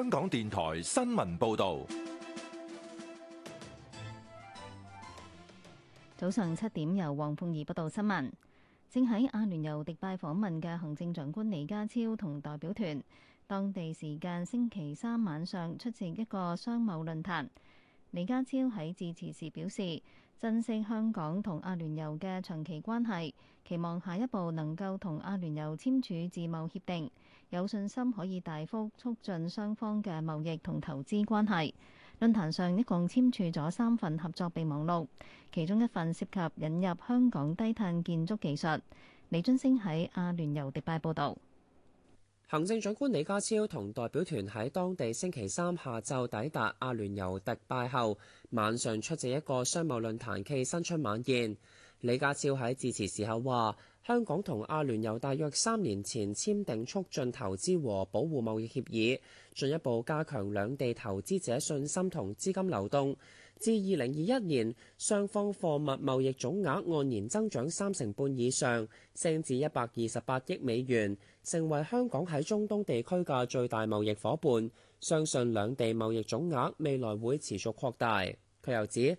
香港電台新聞報道，早上七點由黃鳳儀報道新聞。正喺阿聯酋迪拜訪問嘅行政長官李家超同代表團，當地時間星期三晚上出席一個商貿論壇。李家超喺致辭時表示，珍惜香港同阿聯酋嘅長期關係，期望下一步能夠同阿聯酋簽署自貿協定。有信心可以大幅促進雙方嘅貿易同投資關係。論壇上一共簽署咗三份合作備忘錄，其中一份涉及引入香港低碳建築技術。李津星喺阿聯酋迪拜報道。行政長官李家超同代表團喺當地星期三下晝抵達阿聯酋迪拜後，晚上出席一個商貿論壇暨新春晚宴。李家超喺致辭時候話。香港同阿聯酋大約三年前簽訂促進投資和保護貿易協議，進一步加強兩地投資者信心同資金流動。至二零二一年，雙方貨物貿易總額按年增長三成半以上，升至一百二十八億美元，成為香港喺中東地區嘅最大貿易夥伴。相信兩地貿易總額未來會持續擴大。佢又指。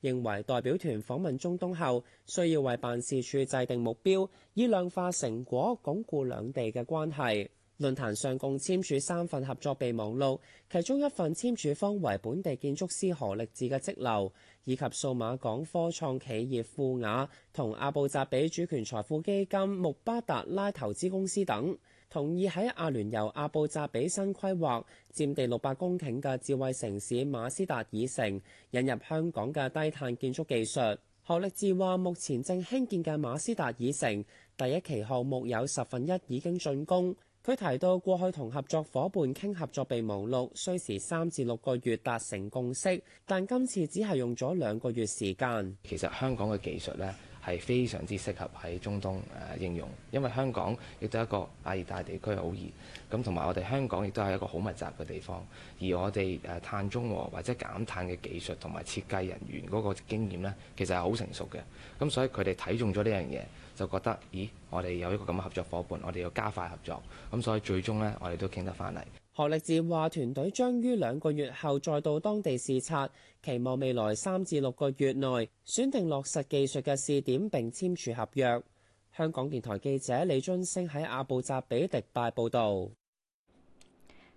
認為代表團訪問中東後，需要為辦事處制定目標，以量化成果，鞏固兩地嘅關係。論壇上共簽署三份合作備忘錄，其中一份簽署方為本地建築師何力智嘅積流，以及數碼港科創企業富雅同阿布扎比主權財富基金穆巴達拉投資公司等。同意喺阿聯酋阿布扎比新規劃占地六百公頃嘅智慧城市馬斯達爾城引入香港嘅低碳建築技術。何力志話目前正興建嘅馬斯達爾城第一期項目有十分一已經竣工。佢提到過去同合作伙伴傾合作備忘錄需時三至六個月達成共識，但今次只係用咗兩個月時間，其實香港嘅技術咧。係非常之適合喺中東誒、呃、應用，因為香港亦都係一個亞熱帶地區好熱，咁同埋我哋香港亦都係一個好密集嘅地方，而我哋誒碳中和或者減碳嘅技術同埋設計人員嗰個經驗呢，其實係好成熟嘅，咁、嗯、所以佢哋睇中咗呢樣嘢，就覺得咦，我哋有一個咁嘅合作伙伴，我哋要加快合作，咁、嗯、所以最終呢，我哋都傾得翻嚟。何力志話：團隊將於兩個月後再到當地視察，期望未來三至六個月內選定落實技術嘅試點並簽署合約。香港電台記者李津星喺阿布扎比迪拜報導。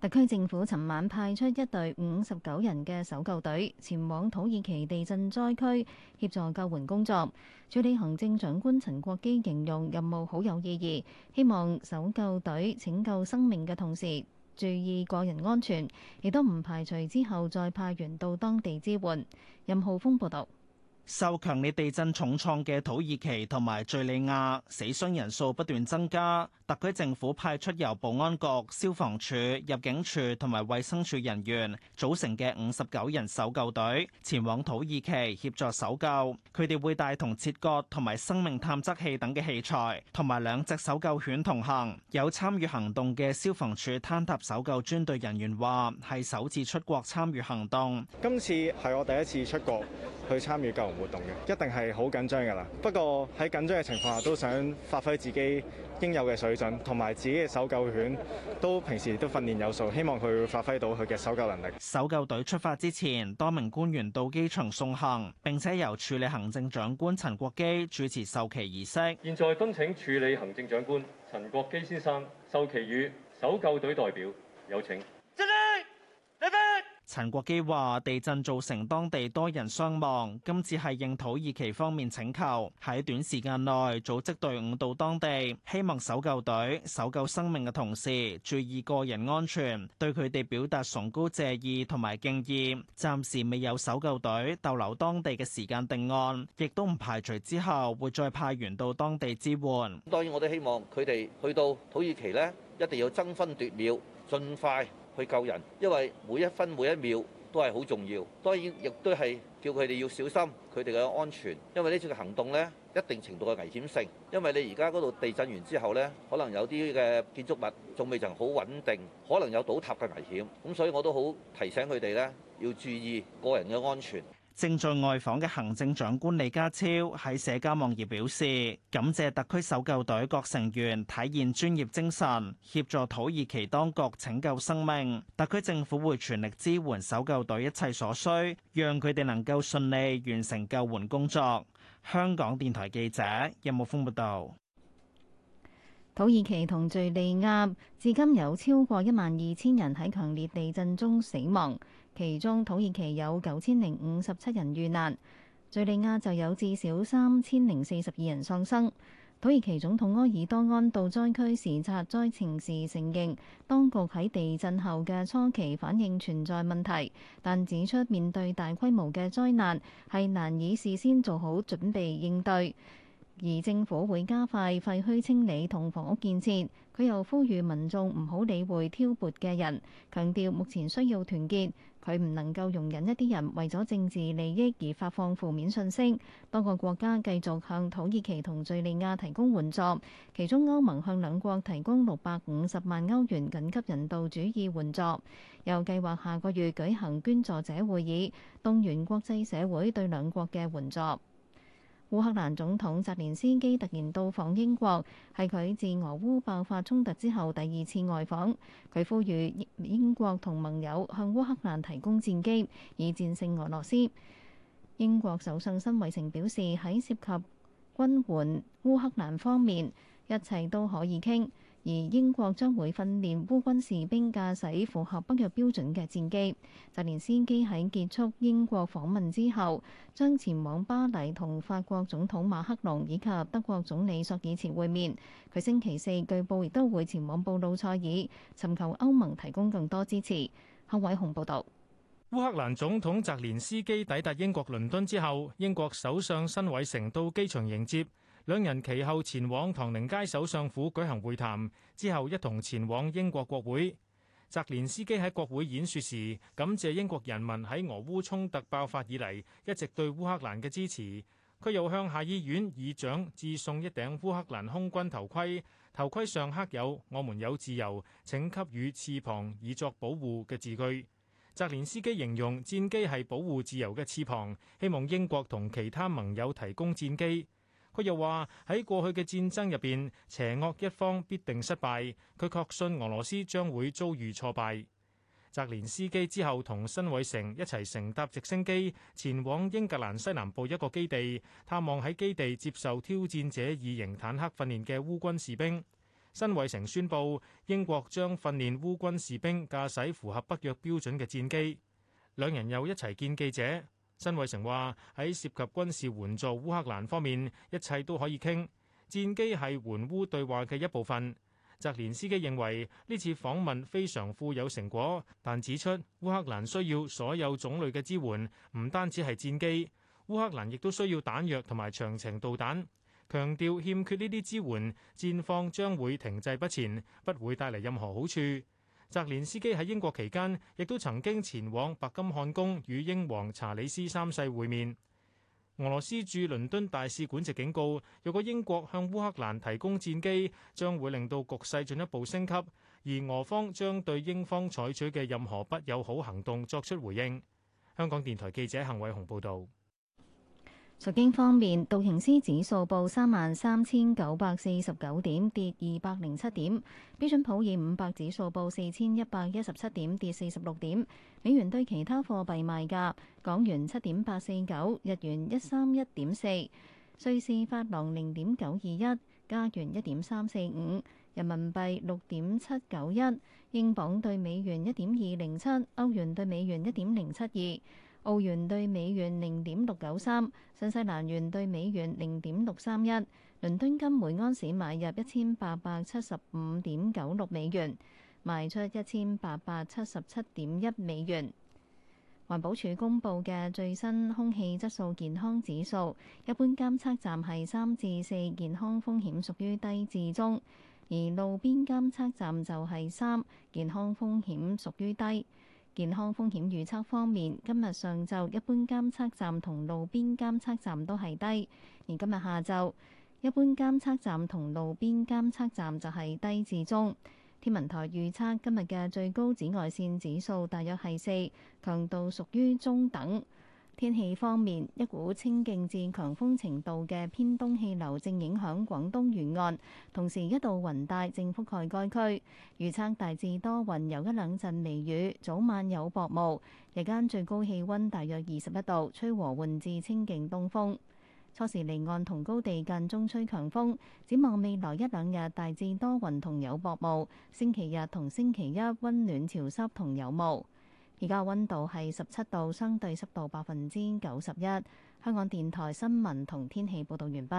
特區政府尋晚派出一隊五十九人嘅搜救隊前往土耳其地震災區協助救援工作。署理行政長官陳國基形容任務好有意義，希望搜救隊拯救生命嘅同時，注意個人安全，亦都唔排除之後再派員到當地支援。任浩峰報道。受強烈地震重創嘅土耳其同埋敘利亞，死傷人數不斷增加。特區政府派出由保安局、消防處、入境處同埋衛生署人員組成嘅五十九人搜救隊，前往土耳其協助搜救。佢哋會帶同切割同埋生命探測器等嘅器材，同埋兩隻搜救犬同行。有參與行動嘅消防處坍塌搜救專隊人員話，係首次出國參與行動。今次係我第一次出國去參與救活動嘅一定係好緊張㗎啦，不過喺緊張嘅情況下都想發揮自己應有嘅水準，同埋自己嘅搜救犬都平時都訓練有素，希望佢會發揮到佢嘅搜救能力。搜救隊出發之前，多名官員到機場送行，並且由處理行政長官陳國基主持授旗儀式。現在敦請處理行政長官陳國基先生授旗予搜救隊代表，有請。陳國基話：地震造成當地多人傷亡，今次係應土耳其方面請求，喺短時間內組織隊伍到當地，希望搜救隊搜救生命嘅同時，注意個人安全，對佢哋表達崇高謝意同埋敬意。暫時未有搜救隊逗留當地嘅時間定案，亦都唔排除之後會再派員到當地支援。當然，我都希望佢哋去到土耳其呢，一定要爭分奪秒，盡快。去救人，因為每一分每一秒都係好重要。當然，亦都係叫佢哋要小心佢哋嘅安全，因為呢次嘅行動咧，一定程度嘅危險性。因為你而家嗰度地震完之後咧，可能有啲嘅建築物仲未曾好穩定，可能有倒塌嘅危險，咁所以我都好提醒佢哋咧，要注意個人嘅安全。正在外訪嘅行政長官李家超喺社交網頁表示，感謝特區搜救隊各成員體現專業精神，協助土耳其當局拯救生命。特區政府會全力支援搜救隊一切所需，讓佢哋能夠順利完成救援工作。香港電台記者任木峰報道。有有土耳其同敘利亞至今有超過一萬二千人喺強烈地震中死亡。其中土耳其有九千零五十七人遇難，敘利亞就有至少三千零四十二人喪生。土耳其總統埃爾多安到災區視察災情時承認，當局喺地震後嘅初期反應存在問題，但指出面對大規模嘅災難，係難以事先做好準備應對。而政府會加快廢墟清理同房屋建設。佢又呼籲民眾唔好理會挑撥嘅人，強調目前需要團結。佢唔能夠容忍一啲人為咗政治利益而發放負面訊息。多個國家繼續向土耳其同敘利亞提供援助，其中歐盟向兩國提供六百五十萬歐元緊急人道主義援助，又計劃下個月舉行捐助者會議，動員國際社會對兩國嘅援助。烏克蘭總統澤連斯基突然到訪英國，係佢自俄烏爆發衝突之後第二次外訪。佢呼籲英國同盟友向烏克蘭提供戰機，以戰勝俄羅斯。英國首相辛偉誠表示，喺涉及軍援烏克蘭方面，一切都可以傾。而英國將會訓練烏軍士兵駕駛符合北約標準嘅戰機。澤連斯基喺結束英國訪問之後，將前往巴黎同法國總統馬克龍以及德國總理索爾茨會面。佢星期四據報亦都會前往布魯塞爾，尋求歐盟提供更多支持。夏偉雄報導。烏克蘭總統澤連斯基抵達英國倫敦之後，英國首相辛偉誠到機場迎接。兩人其後前往唐寧街首相府舉行會談，之後一同前往英國國會。澤連斯基喺國會演說時感謝英國人民喺俄烏衝突爆發以嚟一直對烏克蘭嘅支持。佢又向下議院議長致送一頂烏克蘭空軍頭盔，頭盔上刻有「我們有自由，請給予翅膀以作保護」嘅字句。澤連斯基形容戰機係保護自由嘅翅膀，希望英國同其他盟友提供戰機。佢又話：喺過去嘅戰爭入邊，邪惡一方必定失敗。佢確信俄羅斯將會遭遇挫敗。澤連斯基之後同辛偉誠一齊乘搭直升機前往英格蘭西南部一個基地，探望喺基地接受挑戰者二型坦克訓練嘅烏軍士兵。辛偉誠宣布英國將訓練烏軍士兵駕駛符合北約標準嘅戰機。兩人又一齊見記者。辛偉誠話：喺涉及軍事援助烏克蘭方面，一切都可以傾。戰機係援烏對話嘅一部分。澤連斯基認為呢次訪問非常富有成果，但指出烏克蘭需要所有種類嘅支援，唔單止係戰機。烏克蘭亦都需要彈藥同埋長程導彈。強調欠缺呢啲支援，戰況將會停滯不前，不會帶嚟任何好處。澤連斯基喺英國期間，亦都曾經前往白金漢宮與英皇查理斯三世會面。俄羅斯駐倫敦大使館直警告：若果英國向烏克蘭提供戰機，將會令到局勢進一步升級，而俄方將對英方採取嘅任何不友好行動作出回應。香港電台記者陳偉雄報道。財經方面，道瓊斯指數報三萬三千九百四十九點，跌二百零七點；標準普爾五百指數報四千一百一十七點，跌四十六點。美元對其他貨幣賣價：港元七點八四九，日元一三一點四，瑞士法郎零點九二一，加元一點三四五，人民幣六點七九一，英鎊對美元一點二零七，歐元對美元一點零七二。澳元兌美元零點六九三，新西蘭元兌美元零點六三一，倫敦金每安士買入一千八百七十五點九六美元，賣出一千八百七十七點一美元。環保署公布嘅最新空氣質素健康指數，一般監測站係三至四，健康風險屬於低至中；而路邊監測站就係三，健康風險屬於低。健康風險預測方面，今日上晝一般監測站同路邊監測站都係低，而今日下晝一般監測站同路邊監測站就係低至中。天文台預測今日嘅最高紫外線指數大約係四，強度屬於中等。天氣方面，一股清勁至強風程度嘅偏東氣流正影響廣東沿岸，同時一度雲帶正覆蓋該區。預測大致多雲，有一兩陣微雨，早晚有薄霧。日間最高氣温大約二十一度，吹和緩至清勁東風。初時離岸同高地間中吹強風。展望未來一兩日，大致多雲同有薄霧。星期日同星期一温暖潮濕同有霧。而家溫度係十七度，相對濕度百分之九十一。香港電台新聞同天氣報道完畢。